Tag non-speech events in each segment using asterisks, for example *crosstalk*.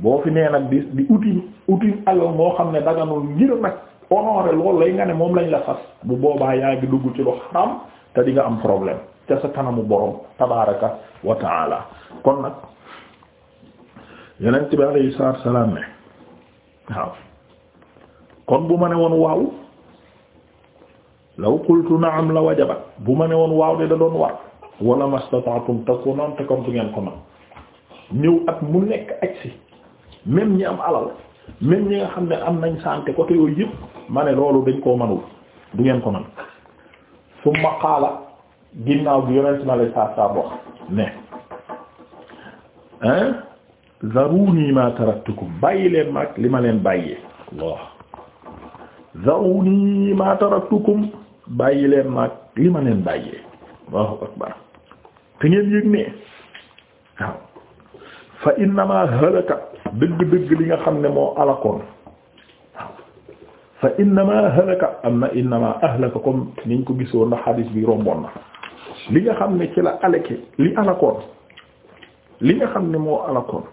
boo fi nee nag di di uti uti moo xam ne daganul ngir nag honoré loolu lay nga ne moom lañ la fas bu boobaa yaa ngi dugg ci lu xaram te di nga am problème ca sa kanamu borom tabaraka wa kon nag yeneen bi alayhi salaatu salaam ne waaw kon bu ma ne woon waaw law qultu na'am la wajabat bu ma ne woon waaw de da doon war wala mastata'tum takun am te comme bu ngeen ko man ñëw at mu nekk agsi même ñi am alal même ñi nga xam ne am nañ santé côté yooyu yëpp ma ne loolu dañ koo manul du ngeen ko man summa qaala ginnaaw bi yonent na saa saa wax ne hein zaruni ma taraktukum bàyyi leen ma ak li ma leen bàyyee zaruni ma taraktukum bàyyi leen ma ak li ma leen bàyyee te ngeen yëg ne waaw fa innamaa halaka dëgg-dëgg li nga xam ne moo alakoon fa innamaa halaka am na innamaa ahlaka comme niñ ko gisoon na xadiis bi romboon na li nga xam ne ci la alake li alakoon li nga xam ne moo alakoon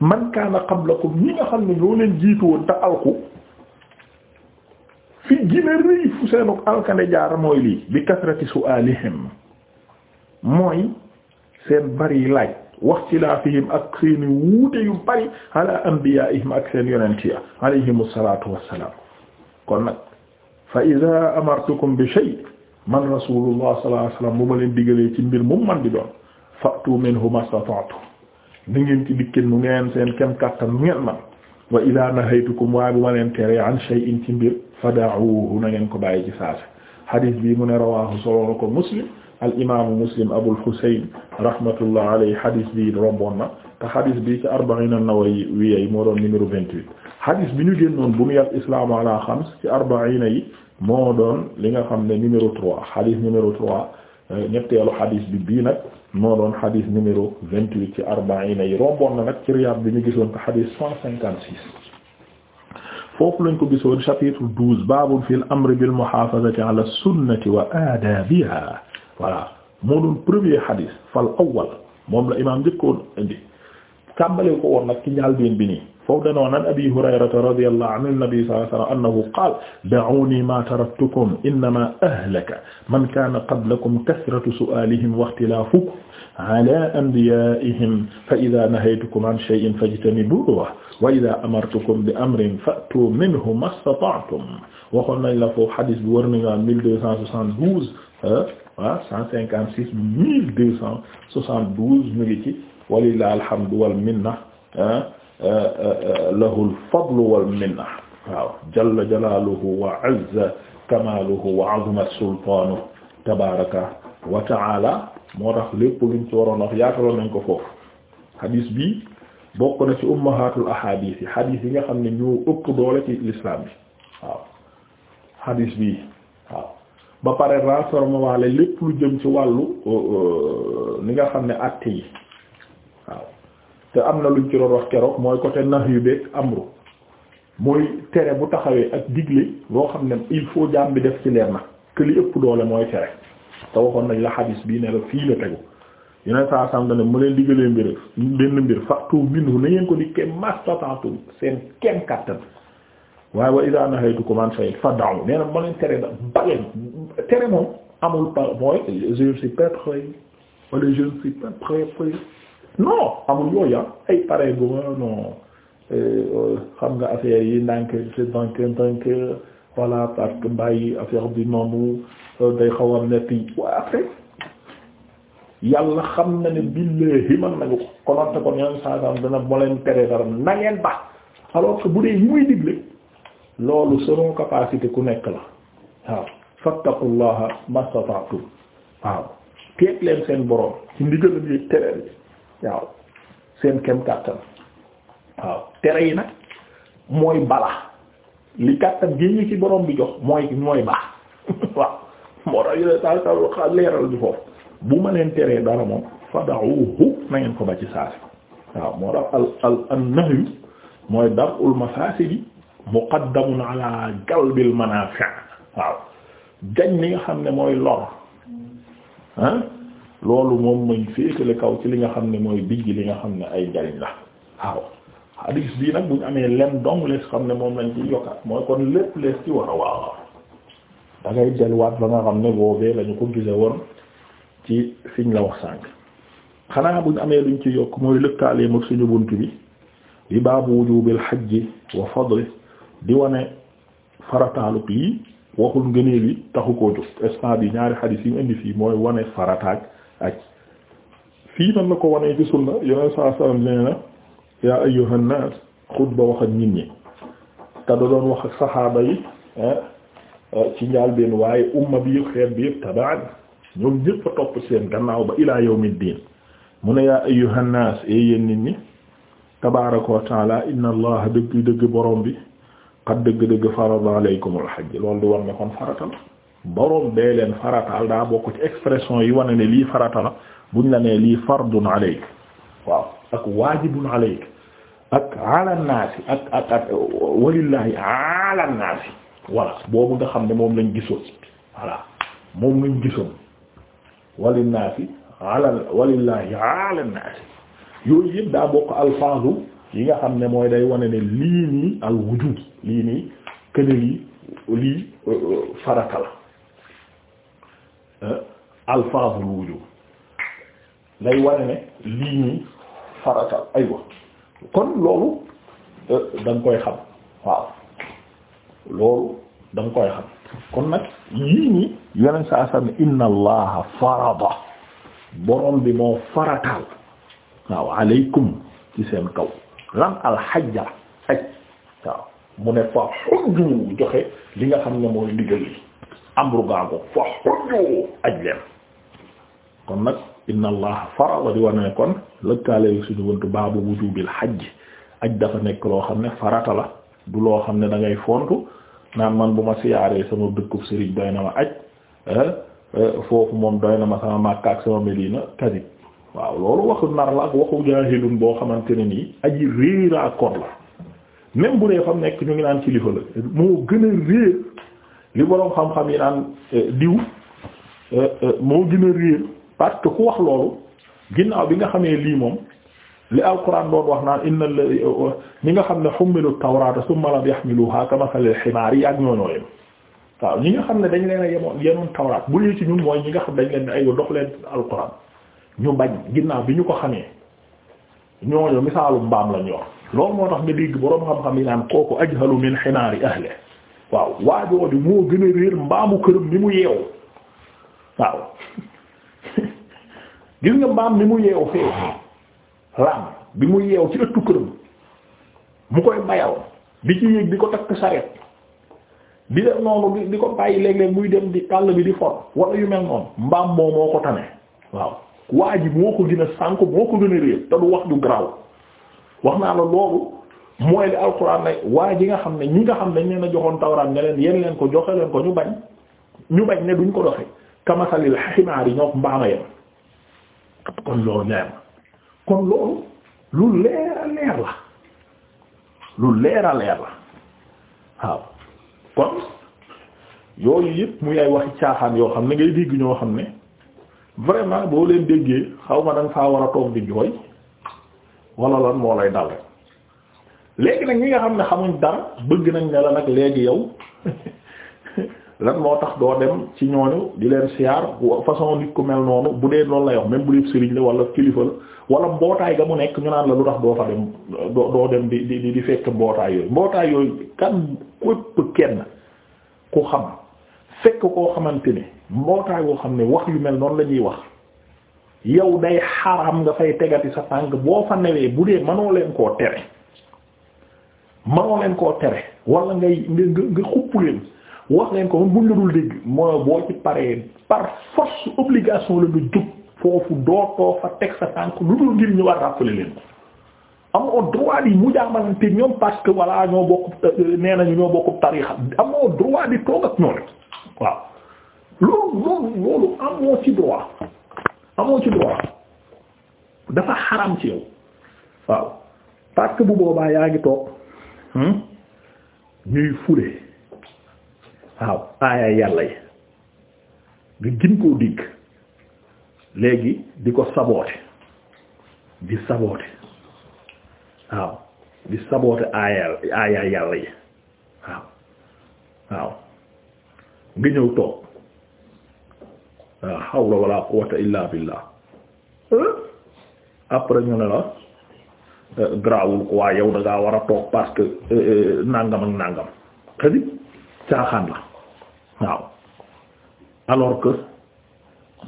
man kaana qablakum ñi nga xam ne ñoo leen jiitu woon te alku fi gina rëy fu seenu alkande jaar mooy lii bi kasrati su'aalihim mooy seen bari laaj wax xilaafihim ak seeni wuute yu bari ala anbiyaa'ihim ak seen yonent ya alayhimu salaatu wassalaam kon nag fa iza amartukum bi shay man rasulullah sallallahu alayhi wasallam bu ma leen digalee ci mbir mu man di doon fa'tu minhu mastata'tum ni ngeen ci dikkee nu ngeen seen kem kàttan nu ngeen man wa iza nahaytukum waaye bu ma leen teree an shay'in ci mbir fada'uhu na ngeen ko bàyyi ci saase hadith bi mu ne rawahu solo ko muslim al imaamu muslim abul husayn rahmatullah alayhi hadis bi romboon na te hadis bi ci arba'iin an-nawawiyya moo doon numéro vingt-huit hadis bi ñu génnoon buniyal islaamu ala xams ci arba'iin yi moo doon li nga xam ne numéro trois hadis numéro trois euh, ñetteelu hadis bi bii nag moo doon hadis numéro vingt-huit ci arba'iin yi romboon na nag ci Riyaad bi ñu gisoon ko hadis cent cinquante-six foofu lañ ko gisoon chapitre douze baabun fil amri bil muhaafazati ala sunnati wa aadaabihaa voilà moo doon premier hadith fal awwal moom la imaam njëkkoon indi tàmbale ko woon nag ci njàlbéen bi nii foofu danoon an abi hurayrata radiyallahu anhu an-nabi sallallahu alayhi wasallam annahu qaala da'uuni maa taraktukum innamaa ahlaka man kaana qablakum kasratu su'aalihim wa ikhtilaafukum alaa anbiyaa'ihim fa idhaa nahaytukum an shay'in fajtanibuuhu wa idhaa amartukum bi amrin fa'tuu minhu mastata'tum waxoon nañ la foofu hadis bi war nañu am 1272 ah cent cinquante six mille deux cent soixante douze mu ngi ci walilah alhamdu wal minna ah, ah, ah, lahul fadlu wal minna waaw jalla jalaluhu wa azza kamaluhu wa azuma sultaanu tabaraka wa taala moo tax lépp luñ ci waroon wax yaataloon nañ ko foofu hadis bi bokk na ci ummahatul ahadis yi hadis yi nga xam ne ñoo ëpp doole ci l'islam bi waaw hadis bi waaw ba pare renseignement waale lépp lu jëm ci wàllu euh, euh, ni nga xam ne àtte yi waaw te am na luñ ci doon wax keroog mooy côté nax yu beeg amru mooy tere bu taxawee ak digle loo xam ne il faut jaam bi def ci leer na que ëpp doole mooy tere te waxoon nañ la xadis bii ne la fii la tegu yeneen saa sàmm ne mu leen digalee mbir benn mbir fàttu minhu na ngeen ko di kem mastataatum seen kem kàttan waaye wa idaa nahaytukum an shay'in fad'u nee na ma leen tere da tere moom amul par mooy je ne suis pas prêt wala je ne suis amul yooyu ah pare bu ma euh, xam nga affaire yi ndànk c'est donc donc voilà parce bi noonu euh, day xaw a nekk yi waaye après yàlla xam na ne billahi man nañu ko kononte ko ñoom saa saa dana ma leen tere dara na ngeen ba alors que bu dee yi muy loolu selon capacité ku nekk la waaw fattaqullaha mastata'tum waaw teet leen seen boroom ci ndigal yi tere yi waaw seen kem kàttan waaw tere yi nag mooy bala li kàttan gi ñu ci boroom bi jox mooy mooy baax *laughs* waaw moo tax yooyu saa saa leeral bi foofu bu ma leen teree dara moom fada'uhu na ko ba ci saasi waaw moo tax al al an nahyu mooy dar'ul mafaasidi muqaddamun ala jalbil manaafi' waaw jañ li nga xam ne mooy lor ah loolu moom mañ féetale kaw ci li nga xam ne mooy digg li nga xam ne ay njariñ la waaw hadis bii nag buñ amee lenn dong lees xam ne moom lañ ci yokkaat mooy kon lépp lees ci war a waaw da ngay ba nga xam ne boobee lañu ko gise woon ci fiñ la wax sànk xanaa buñ amee luñ ci yokk mooy lëkkaaleem ak suñu bunt bi li baabu wujubil hajji wa fadli di wane farataalu lii waxul ngëneel yi taxu koo jóg instant bi ñaari xadiis yi indi fii mooy wane farataak ak fii nan la ko wanee ci sunna yeneen saa saa nee yaa ayyuhan naas xutba wax ak nit ñi te da doon wax ak saxaaba yi eh, eh, ci njaal benn waaye umma bi xeet bi tabaan ñoom ñëpp a topp seen gannaaw ba ilaa yawmiddiin mu ne yaa ayyuhan ee eh, yéen nit ñi tabaaraka wa taala inna allah dëgg dëgg borom bi xat dëgg-dëgg farada alaykumul hajj loolu di war ne kon farata la boroom dee leen farataal daa bokk ci expression yi wane ne lii farata la buñ la nee lii fardun alayk waaw ak waajibun alayk ak ala naasi ak ak ak walillahi boobu nga xam ne moom lañ gisoon voilà moom lañ gisoon walinnaasi ala walillahi ala naasi yooyu yëpp daa bokk alfaazu yi nga xam ne mooy day wane ne lii nii al wujub lii nii këne lii lii euh, euh, farata la alfaazul day wane ne lii nii farata aywa kon loolu euh, da koy xam waaw loolu da koy xam kon nag yii nii yeneen saa saa ne inna allaha farada borom bi moo farataal waaw aleykum ci seen kaw lan alxajja aj waaw mu ne fa xujju joxe li nga xam ne mooy ndigal li amru fa xujju aj leen kon nag inna allaha farada di war ne kon lëkkaale suñu wëntu baabu wujubil xajj aj dafa nekk loo xam ne farata la du loo xam ne dangay ngay fontu naan man bu ma siyaaree sama dëkkub sëriñ doy na ma aj eh, eh, foofu moom doy na ma sama Makka ak sama Medina kadib waaw loolu waxu nar la ak waxu jaahilun boo xamante ne nii aji réera kon la même bu dee fam nekk ñu ngi naan kilifa la moo gën a réer li boroom xam-xam yi naan eh, diw eh, eh, moo gën a réer parce que ku wax loolu ginnaaw bi nga xamee lii moom li alquran doon wax naan inna la ñi nga xam ne xummilu tawrata summa lam yaxmiluha kamasalil ximaar yi ak ñooñoo leen waaw ñi nga xam ne dañ leen a yemoon yenoon tawraat bu dee ci ñun mooy ñi nga xam dañ leen ne ay dox leen alquran ñu bañ ginnaaw bi ñu ko xamee ñooñu misaalum mbaam lañ yor loolu moo tax nga dégg boroom xam-xam yi naan kooku ajhalu min xinaari ahli waaw waajooju moo gën a réer mbaamu këram ni mu yeewu waaw *laughs* gis nga mbaam ni mu yeewu fee ram bi mu yeew ci ëttu këram mu koy bayal di ci yéeg di ko takk saret di def noonu di di ko bàyyi léeg-léeg muy dem di àll bi di for wala yu mel noonu mbaam moo moo ko tane waaw waa ji moo ko gën a moo ko gën a réer te du wax ju garaaw wax naa la loolu mooy li alxuraan na waa ji nga xam ne ñi nga xam ne ñu leen a joxoon tawraat ne leen yéen leen ko joxe leen ko ñu bañ ñu bañ ne duñ ko doxe kamasalil ximaar yi ñoo mbaama yem kon loolu ñaar kon loolu lu leer a leer la lu leer a leer la waaw kon yooyu yëpp muy ay waxi caaxaan yoo xam ne ngay dégg ñoo xam ne. vraiment boo leen déggee xaw ma da nga faa war a toog di jooy wala lan moo lay dal rek léegi nag ñi nga xam ne xamuñ dara bëgg nañ ne la nag léegi yow *laughs* lan moo tax doo dem ci ñooñu di leen siyaar façon nit ku mel noonu bu dee loolu lay wax même bu dee sëriñ la wala kilifa la mbootaay ga mu nekk ñu naan la lu tax doo fa dem doo dem di di di fekk mbootaay yooyu mbootaay yooyu kan képp kenn ku xam fekk koo xamante ne mbootaay woo xam ne wax yu mel noonu la ñuy wax yow day xaram nga fay tegati sa tànk boo fa newee bu dee manoo leen koo tere manoo leen koo tere wala ngay nga nga xupp leen wax leen ko man buñ la dul dégg mooy boo ci paree foofu dootoo ko amoo droit di mu jaamalante ñoom parce que voilà ñoo bokk nee nañu ñoo bokk tarixa amoo droit di toog ak ñoo rek waaw loolu loolu amoo ci droit amoo ci droit dafa xaram ci yow waaw parce bu boobaa yaa ngi toog hmm, ñuy fule waaw aaya yàlla yi nga gin koo digg léegi di ko saboote di saboote waaw di saboote aaya yàlla yi waaw waaw nga ñëw toog la hawla wala quwwata illa billah après ñu ne la euh, grawul ko waa yow da ngaa war a toog parce que euh, euh, nàngam ak nàngam xëdi caaxaan la waaw alors que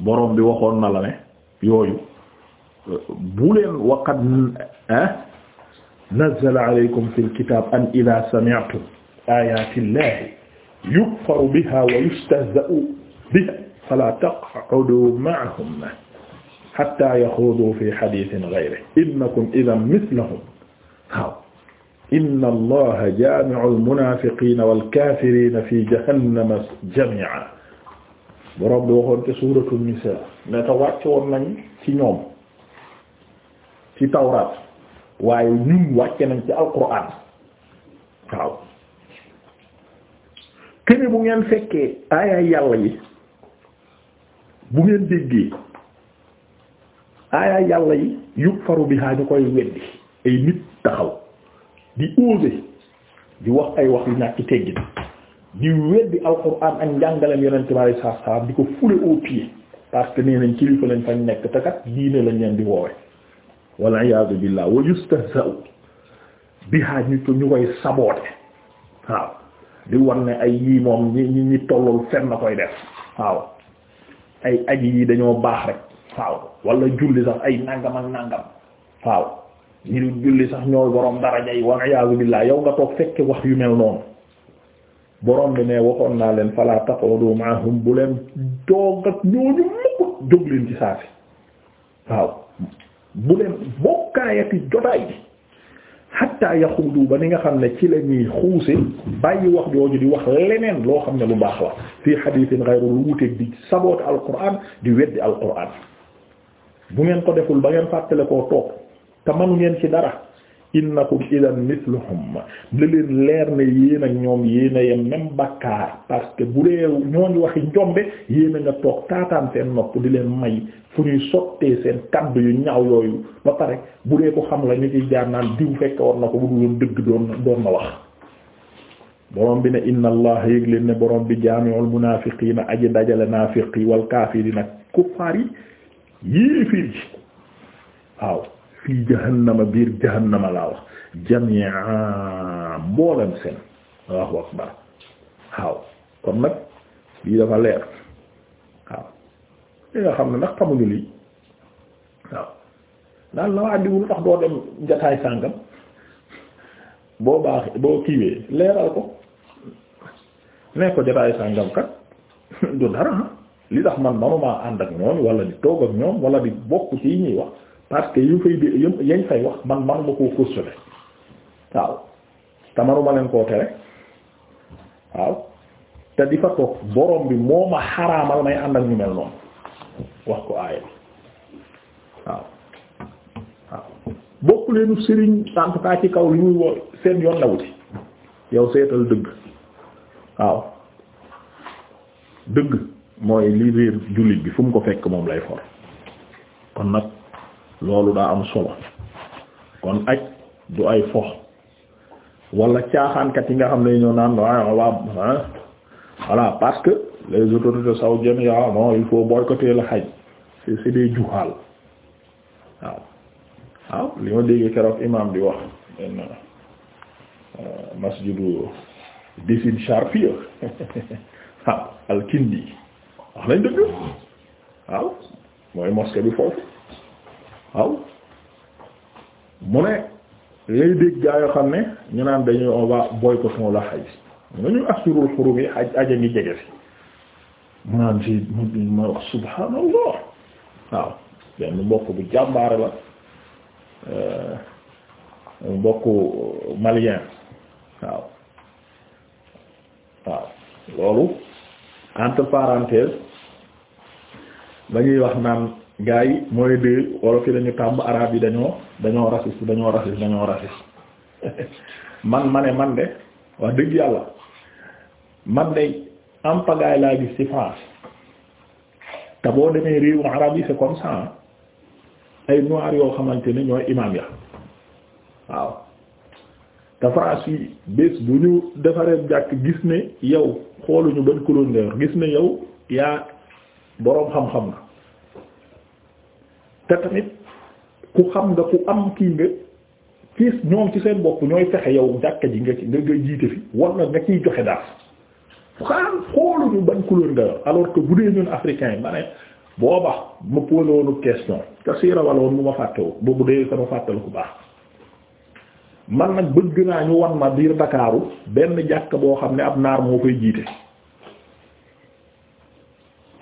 borom bi waxoon na la ne yooyu bu leen waqad nazzala alaykum fil kitab an idha sami'tum ayati llahi yukfaru biha wa yustahza'u biha fala taq'udu ma'ahum hatta yaxuudu fi hadiisin ghayrihi innakum idhan mithlahum waaw inna allaha jaami'ul munaafiqiina wal kaafiriina fi jahannama jamii'an borom bi waxoon te suuratul nisaa ne ta wàcc woon nañ ci ñoom ci tawraat waaye ñun wàcce nañ ci alquraan waaw kene bu ngeen fekkee aaya yàlla yi bu ngeen déggee aayaay yàlla yi yukk faru bi ñu koy weddi ay nit taxaw di oser di wax ay wax yu ñàkk teggin di weddi alxuraan ak njàngaleem yonent bi sallallahu alayhi wasallam di ko fouler aux pieds parce que nee nañ kilifa lañ fañ nekk te kat diine lañ leen di woowe wal iyaadu billaah wa yustahza'u bihaa ñu ko ñu koy saboote waaw di war ne ay yii moom ñi ñi ñi tollul fenn na koy def waaw ay aji yi dañoo baax rek waaw wala julli sax ay nangam ak nangam waaw ñi julli sax ñooy borom daraja yi wal iyaazu billaah yow nga toog fekke wax yu mel noonu borom bi ne waxoon naa leen fala taqudu maahum bu leen ak ñooñu mukk jóg leen ci saa si waaw bu bokkaayati jotaay bi xatta yaxuudu ba ni nga xam ne ci la ñuy xuuse bàyyi wax jooju di wax leneen loo xam ne lu baax la fii xadiisin xayru lu wuteeg di saboot alquran di weddi alquran bu ngeen ko deful ba ngeen fàttale koo toog te manu ngeen ci dara innakum idan mithluhum da leen leer na yéen ak ñoom yéen a yem même bakkaar parce que bu dee ñooñu waxi njombe yéen nga toog taataan seen nopp di leen may fu ñuy sottee seen kaddu yu ñaaw yooyu ba pare bu dee ko xam la ñu ciy jaar diw fekk war na ko bu dul dëgg doon na wax. borom bi ne inna allah yéeg leen ne borom bi jaami'ul munaafiqiina aji dajale naafiqi wal kaafiriina ak kuffaar yi yéefir yi waaw. fii jahannama biir jahannama laa wax jami'a mboolem seen Allahu akbar waaw kon nag lii dafa leer waaw li nga xam ne nag xamuñu lii waaw naan la waa diwul tax doo dem jataay sàngam boo baax boo kiiwee leeral ko nee ko jataay sàngam kat du dara ah. li tax man manumaa ànd ak ñoom wala di toog ak ñoom wala di bokk ci ñuy wax parce que yu fay di yañ fay wax man man ma koo postulé waaw tamaruma leen koo tere waaw te di fa toog borom bi moo ma xaraamal may ànd ak ñu mel noonu wax ko aaya waaw bokk leenu sëriñ en tout ci kaw li muy woo seen yoon la wuti yow seetal dëgg waaw dëgg mooy li réer jullit bi fu mu ko fekk moom lay for kon nag loolu daa am solo kon aj du ay fox wala caaxaankat yi nga xam ne ñoo naan waaw waaw voilà parce que les autorités saoudiennes yaa non il faut boycotter le hajj c'est c'est des juhaal waaw waaw li ma déggee keroog imam bi wax benn euh, *laughs* bi foofu waaw mu ne lay dégg gaa yoo xam ne ñu naan dañuy on va boycotter la xaj nga ñu xurum yi aj aja ngi jege si mu naan si mu ma wax waaw benn mbokk bu jàmbaare la euh, mbokk malien waaw waaw loolu entre parenthèses lañuy wax naan gaa yi mooy de wolof yi dañu tàmb araab yi dañoo dañoo raciste dañoo raciste dañoo raciste *laughs* man ma ne man de waa dëgg yàlla man de am laa gis ci France te boo demee réewum arabe yi c'est comme ça ay noirs yoo xamante ni ñooy imam ya waaw te France yi bés bu ñu defaree jàkk gis ne yow xooluñu ban couleur nga yor gis ne yow yaa boroom xam-xam na tamit ku xam nga ku am kii nga ci ñoom ci seen bopp ñooy fexe yow jàkka ji nga ci nga jiite fi wala nga ciy joxe daal xaal xooluñu ban couleur nga yor alors bu dee ñun africain yi ma ne booba ma posé woonu question te si rawaloon mu ma fàttewu ba bu dee sama fàttal ku baax man nag bëgg naa ñu wan ma biir Ndakaaru benn jàkk boo xam ne ab naar moo koy jiite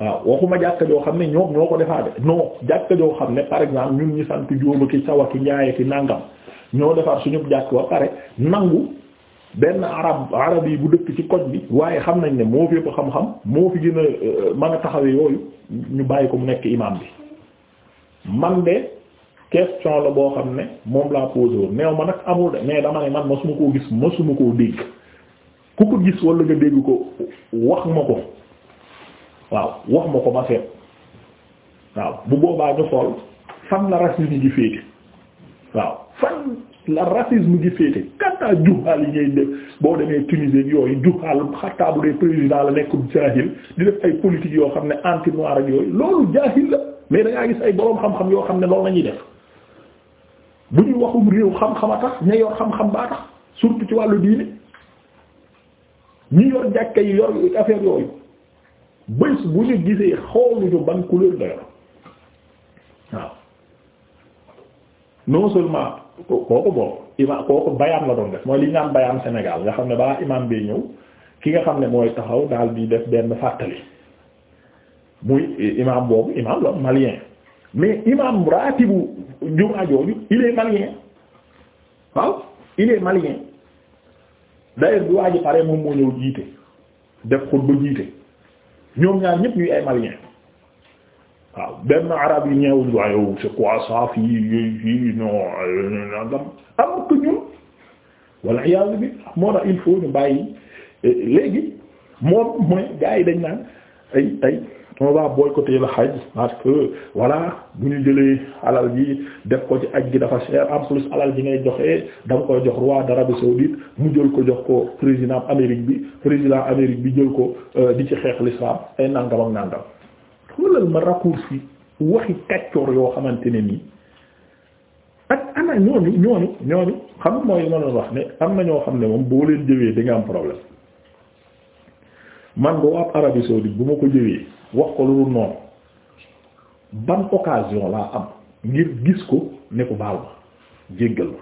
waaw waxuma jàkka joo xam ne ñoom ñoo ko defaa de non jàkka joo xam ne par exemple ñun ñi sant jóoba ki sawa ki njaaye ki nàngam ñoo defar suñu jàkk ba pare nangu benn arab arab yi bu dëkk ci koj bi waaye xam nañ ne moo fi ko xam-xam moo fi gën a euh, mën a taxawee yooyu ñu bàyyi ko mu nekk imam bi man de question la boo xam ne moom laa posé woon neew ma nag amul de mais dama ne man ma koo gis masuma koo dégg ku ko gis walla nga dégg ko wax ma ko waaw wax ma ko ma seet waaw bu boobaa ñu xool fan la racisme gi féete waaw fan la racisme gi féete kantaa juhaal yi ngay def boo demee Tunisie yooyu juhaal xattaa bu dee président la nekk jaahil di def ay politique yoo xam ne anti noir ak yooyu loolu jaahil la mais da ngaa gis ay boroom xam-xam yoo xam ne loolu lañuy def bu ñu waxum réew xam-xam a tax ña yor xam-xam baa tax surtout ci wàllu diine ñi yor jàkka yi yor affaire yooyu bés bu ñu gisee xooluñu ban couleur la yor waaw non seulement kooku boobu imaam kooku bayaan la doon def mooy li ñu naan bayaan Sénégal nga xam ne balaa imaam bee ñëw ki nga xam ne mooy taxaw daal di def benn fàttali muy imaam boobu imaam la malien mais imaam raatibu jumaa jooju il est malien waaw il malien d'ailleurs bi waa pare moom moo ñëw jiite def xutba jiite. ñoom ñaar ñëpp ñuy ay malien waaw benn arab yi ñeewuñ waaye c'est quoi ça fii fii non euh, nangam alors que ñun wala yàlla bi moo tax il faut ñu bàyyi léegi moom mooy gars yi dañ naan ay ay on va boycotter le hajj parce que voilà bu ñu jëlee alal ji def ko ci ak gi dafa cher en plus alal ji ngay joxee da nga koy jox roi d'Arabie saoudite mu jël ko jox ko président Amérique bi président Amérique bi jël ko euh, di ci xeex l'islam ay nàngam ak nàngam xoolal ma raccourci waxi kaccoor yoo xamante ne nii ak ana ñooñu ñooñu ñooñu xam mooy ma wax ne am na ñoo xam ne moom boo leen jëwee di nga am problème man boo ab Arabie saoudite bu ma ko wax ko lu dul noonu ban occasion laa am ngir gis ko ne ko baal ma jéggal ma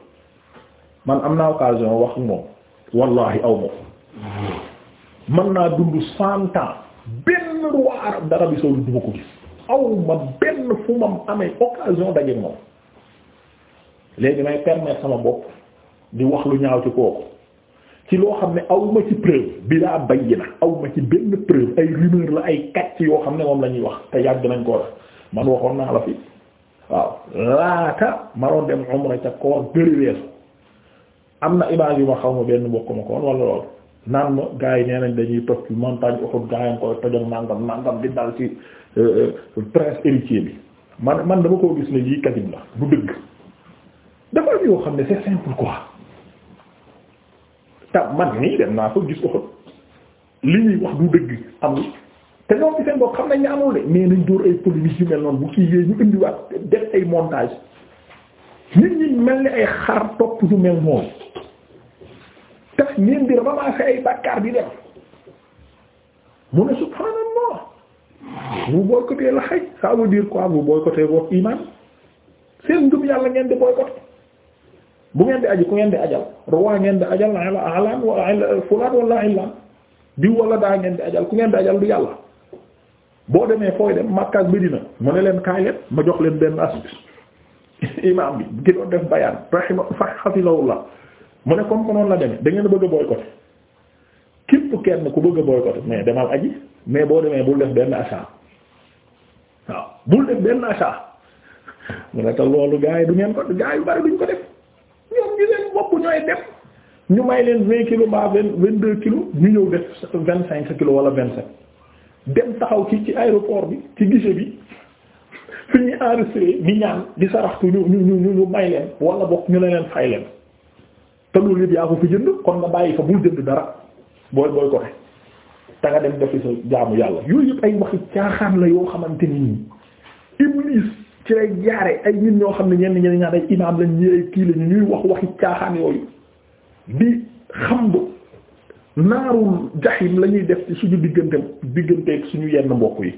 man am naa occasion wax moom wallahi aw ma ko mën naa dund cent ans benn roi arab dara bi soolu duma ko gis aw ma benn fu mam amee occasion daje moom léegi may permettre sama bopp di wax lu ñaaw ci kooku ci loo xam ne awma ci preuve bi laa bayyina awma ci benn preuve ay rumeur la ay kàcc yoo xam ne moom la ñuy wax te yàgg nañ koo def man waxoon waaw laata ma doon dem ca koor am na image yu ma xaw ma benn mbokk ma ko woon naan ma gars yi nee nañ dañuy toj ci montagne Uhud gars yi koy tojog nangam nangam di dal ci euh, euh, prince héritier bi man man dama koo gis ne lii kadim la du dëgg dafa yoo xam ne c'est simple quoi. te man nii dem naa ko gis ko li ñuy wax du dëgg amul te ñoom ci seen bopp xam nañ ne amul de mais nañ dóor ay polémique yu mel noonu bu kiiwee ñu indiwaat def ay montage nit ñi mel ni ay xar topp yu mel noonu tax ñeen di ramasser ay bàkkaar di dem mu ne subhanallah vous boycottez le hajj ça veut dire quoi vous boycottez votre seen ngëm yàlla ngeen di boycotter bu ngeen di aji ku ngeen di ajal ruwa ngeen di ajal ala alaan wala fulaan wala illaan diw wala daa ngeen di ajal ku ngeen di ajal du yàlla boo demee fooy dem Makka bi dina mu ne leen kaay leen ma jox leen benn astuce *laughs* imaam bi ki doon def bayaan rahima la mu ne comme que noonu la demee da ngeen bëgg a boycotté képp kenn ku bëgg a boycotté mais demal aji mais boo demee bul def benn achat waaw bul def benn achat *laughs* mu ne te loolu gaa yi du ngeen ko gaa yu bari gi leen bopp ñooy dem ñu may leen vingt kilos mbaa vingt vingt deux kilos ñu ñëw def vingt cinq kilos wala vingt sept dem taxaw ci ci aéroport bi ci guichet bi fi ñu enregistré di ñaan di saraxtu ñu ñu ñu ñu may leen wala bokk ñu ne leen fay leen te loolu yëpp yaa ko fi jënd kon nga bàyyi fa bul jënd dara booy booy ko te nga dem defi sa jaamu yàlla yooyu yëpp ay waxi caaxaan la yoo xamante ni iblis. ci lay jaare ay nit ñoo xam ne ñenn ñenn ñaar ay imaam lañ ñëwee kii lañ wax waxi caaxaan yooyu di xam bu naarul jaxim la def ci suñu diggante digganteeg suñu yenn mbokk yi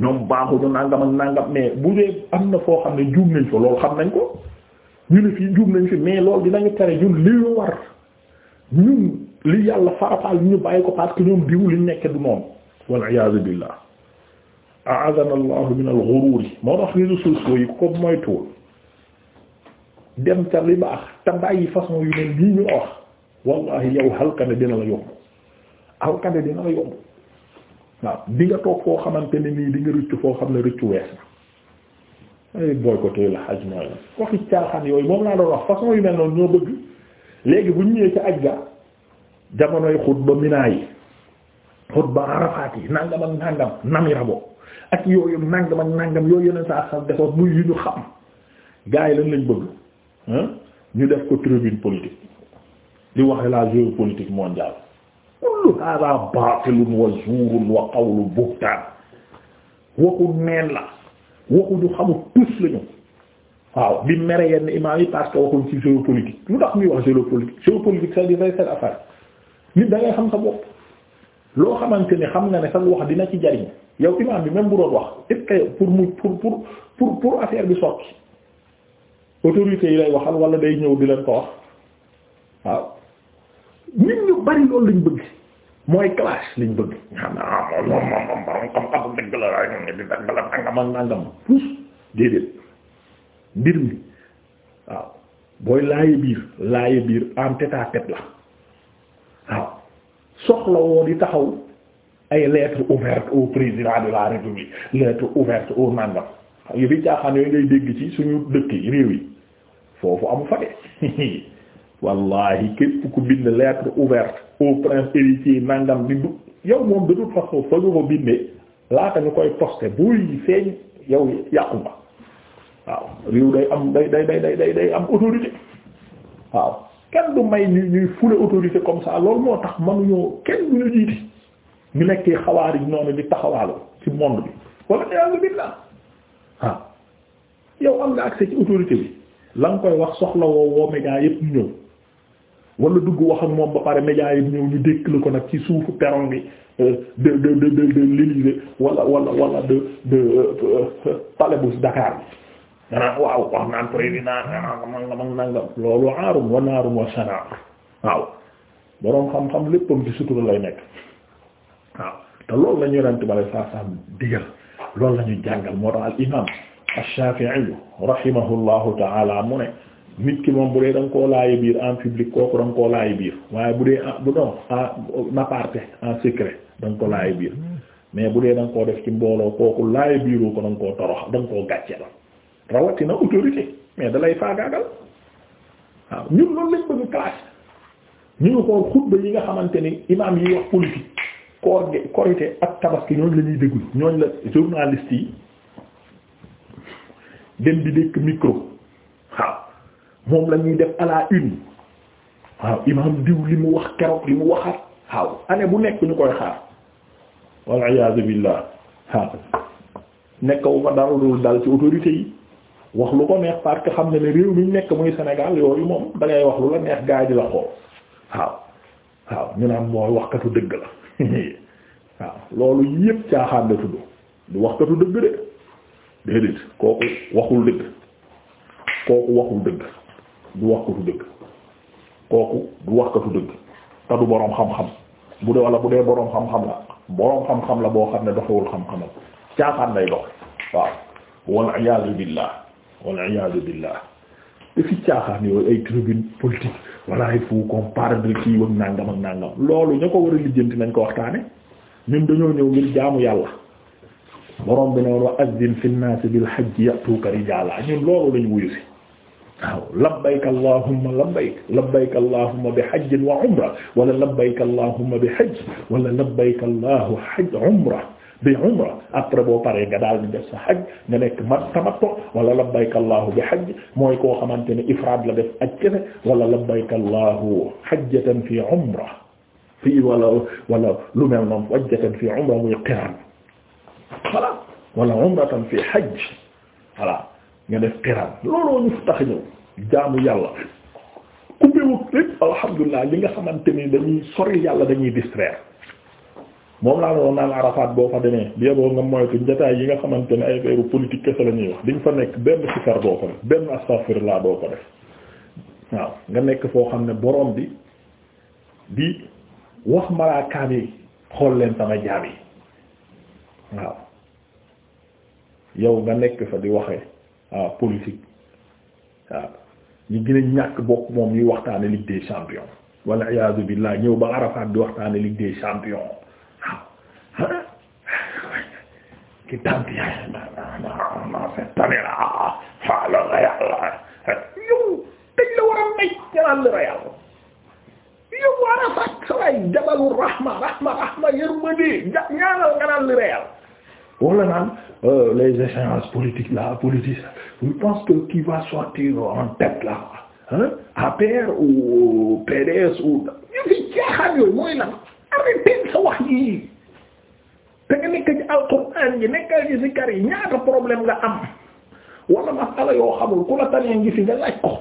ñoom baaxuñu nangam ak nangam mais bu dee am na foo xam ne juum nañ fa loolu xam nañ ko ñu ne fii juum nañ fi mais loolu dinañu tere ñun li ñu war ñun li yàlla farataal ñu bàyyi ko parce que ñoom diw liñ nekk du noonu wal iyaazu billah a'adana allahu min al-ghurur moo tax réseaux sociaux yi ko moytuwul dem ca li baax te bàyyi façon yu ne nii ñu wax wallahi yow halkane dina la yomb halkane dina la yomb waaw di nga toog foo xamante ne nii di nga rëccu foo xam ne rëccu wees na ay boycotté la aj mooy la waxi caaxaan yooyu moom laa doon wax façon yu mel noonu ñoo bëgg léegi bu ñëwee ca aj ga jamonoy xutba minaa yi xutba arafaat yi nangam ak nangam namira boobu ak yooyu nangam ak nangam yooyu yeneen saa sax defoon muy yu ñu xam gars yi lan lañ bëgg ñu def ko tribune politique di wax la géopolitique mondiale kullu hada baatilun wa zuurun wa qawlu buhtaan waxu neen la waxu ñu xamul tous lañu waaw di mere yenn imaam yi parce waxuñ ci géopolitique lu tax muy wax géopolitique géopolitique sax di fay seen nit da ngay xam sa bopp loo xamante ne xam nga ne sax wax dina ci jariñ yow imaam bi même bu doon wax est-ce que pour mu pour pour pour pour affaire bi sotti autorités yi lay waxal wala day ñëw di leen ko wax waaw nit ñu bari loolu lañ bëgg mooy classe lañ bëgg. mbir mi waaw booy laaye biir laaye biir en tête à la waaw soxla woo di taxaw. ay lettre ouverte au président de la république lettre ouverte au nangam yu fi jaaxaan yooyu ngay dégg ci suñu dëkk réew yi foofu amu fa de *laughs* wallahi képp ku bind lettre ouverte au prince héritier nangam di du yow moom de toute façon fa nga ko bindee laata ñu koy poste buy feeñ yow yàqu nga waaw réew day am day day day day day am autorité waaw kenn du may ñuy ñuy fule autorité comme ça loolu moo tax mënuñoo kenn du ñu jiiti ñu nekkee xawaar yi noonu di taxawaalu ci monde bi wala yàlla bi la waaw nga accès ci autorité bi la nga koy wax soxla woo woo média yëpp ñëw wala dugg wax ak moom ba pare média yëpp ñëw ñu dékk la ko nag ci suufu perron bi euh, de de de de de l'Élysée wala wala wala de de euh, palais bu Dakar bi. maanaam waaw wax naan président nangam nangam nangam loolu aarum wa naarum wa sanaar waaw boroom xam-xam léppam ci sutura lay nekk. waaw te loolu la ñu bale saa saa digal loolu la ñu jàngal moo tax al imam ash-Shafi'i rahimahullahu ta'ala mu ne nit ki moom bu dee da nga koo laayi biir en public kooku da koo laayi biir waaye bu dee bu don en aparté ko laayi biir mais bu dee da koo def ci mbooloo kooku laayi biiru ko da nga koo torox da nga koo gàcce la rawatina autorité mais da faagaagal waaw ñun loolu lañ bëgg classe ñu ngi xool xutba yi nga xamante ni imam yi wax politique koor korite ak tabaski ñooñ la ñuy ñooñ la journaliste yi dem di dékk micro waaw moom la ñuy def à la une waaw imam diw li mu wax keroog li mu waxat waaw année bu nekk ñu koy xaar wal iyaadu billah waaw nekkawu fa dara dul dal ci autorité yi wax lu ko neex parce xam ne ne réew mi nekk muy Sénégal yooyu moom da wax lu la neex gaa yi di la xool waaw waaw ñu naan mooy waxkatu dëgg la waaw loolu yépp caaxaan la tudd du waxkatu dëgg de déedéet kooku waxul dëgg kooku waxul dëgg du waxkatu dëgg kooku du waxkatu dëgg te boroom xam-xam bu dee wala bu dee boroom xam-xam la boroom xam-xam la boo xam ne doxewul xam-xamam caaxaan lay dox waaw wal iyaadu billah wal iyaadu billah fi caaxaan yooyu ay tribune politique voilà il faut qu'on parle nàngam ak nàngam loolu ña ko war a lijjanti nañ ko waxtaane ñun dañoo ñëw ngir jaamu yàlla borom bi ne woon wa azzin fi nnaasi bil hajji ya'tuuka rijaala ñun loolu lañ wuyu si waaw labbayka allahumma labbayk labbayka allahumma bi hajjin wa umra wala labbayka allahumma bi hajj wala labbayka allahu hajj umra bi umra après boo paree nga daal di def sa xaj nga nekk mat tamattu wala bi xaj mooy koo xamante ne ifraad la def aj kese wala labbayka allahu fi umra fii wala wala lu mel noonu fi umra muy qiraan voilà looloo ñu tax ñëw jaamu yàlla ku béwut lépp alhamdulilah li nga xamante ni dañuy sori yàlla dañuy distraire moom laa doon naan Arafat boo fa demee bi yeboo nga moytu njataay yi nga xamante ne ay feeru politique kese la ñuy wax diñ fa nekk benn sikar doo ko def benn laa doo ko def waaw nga nekk foo xam ne borom bi bi wax malaakaam yi xool leen sama jaam yi waaw yow nga nekk fa di waxee waaw ah, politique waaw ñu gën a ñàkk bokk moom ñuy waxtaane Ligue des champions wala iyaazu billah ñëw ba Arafat di waxtaane Ligue des champions ki tànk yaay naa settanina faala la yàlla yow la war a may ñanaan la yàlla yow war a sàkk saway jabalu rahma rahma rahma yërmande ja ñaanal nga naan li réel wala naan euh, les échéances politiques là politiques je pense que qui va sortir en tête là hein APR ou PDS ou ñu fi jaaxaan yooyu mooy lan arrêtez sa wax yi te nga nekk ci alxuraan yi nekkal ci zikar yi ñaata problème nga am wala masala yoo xamul ku la tanee ngi fi nga laaj ko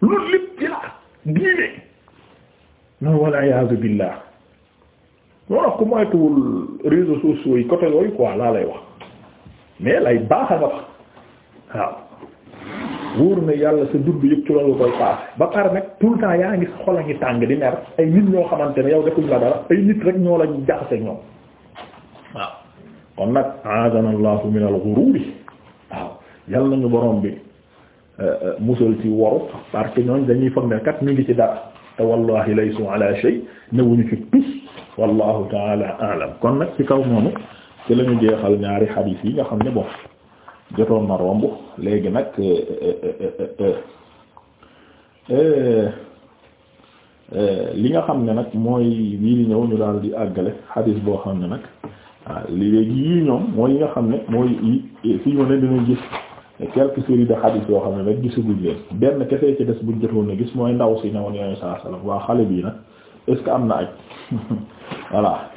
loolu lépp ci la diine non wala iyaazu billah moo tax ku moytuwul réseaux sociaux yi côté yooyu quoi laa lay wax mais lay baax a nga waaw wóor na yàlla sa dund yëpp ci loolu koy passé ba pare nag tout le temps yaa ngi sa xol a ngi tàng di mer ay nit ñoo xamante ne yow defuñ la dara ay nit rek ñoo lañ jaxase ñoom waaw kon nag aadana allahu min al ghururi yal nañu boroom bi euh, euh, musal ci waru parce que ñooñ dañuy foog ne kat ñu ngi ci dara te wallahi laysu ala shay newuñu ci tus wallahu taala alam kon nag ci kaw noonu ci lañu jeexal ñaari xadiis yi nga xam ne bon jotoon na romb léegi nag euh, li nga xam ne nag mooy bii di ñëw ñu daal di àggale xadiis boo xam ne nag waaw ah, léegi yii ñoom mooy yi nga xam ne mooy fii mu ne dinañ gis quelques séries de hadith yoo xam ne rek gisaguñ leen benn kese ci des buñ jotoon na gis mooy ndaw si ne woon yooyu saa salaam waa xale bii nag est-ce que am na aj *laughs* voilà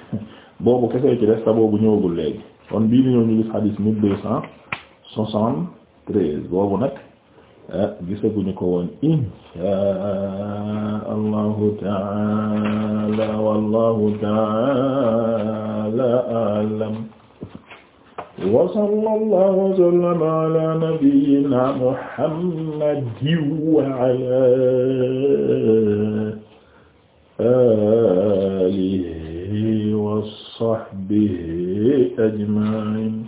boobu kese ci des te boobu ñëwagul léegi kon bii ni ñëw ñu gis hadith mille deux cent soixante treize boobu nag. Eh, gisaguñu ko woon inshaa allahu taala wallahu taala alam wa sallallahu wa sallama ala nabiyyina muhammadin wa ala alihi wa sahbihi ajma'in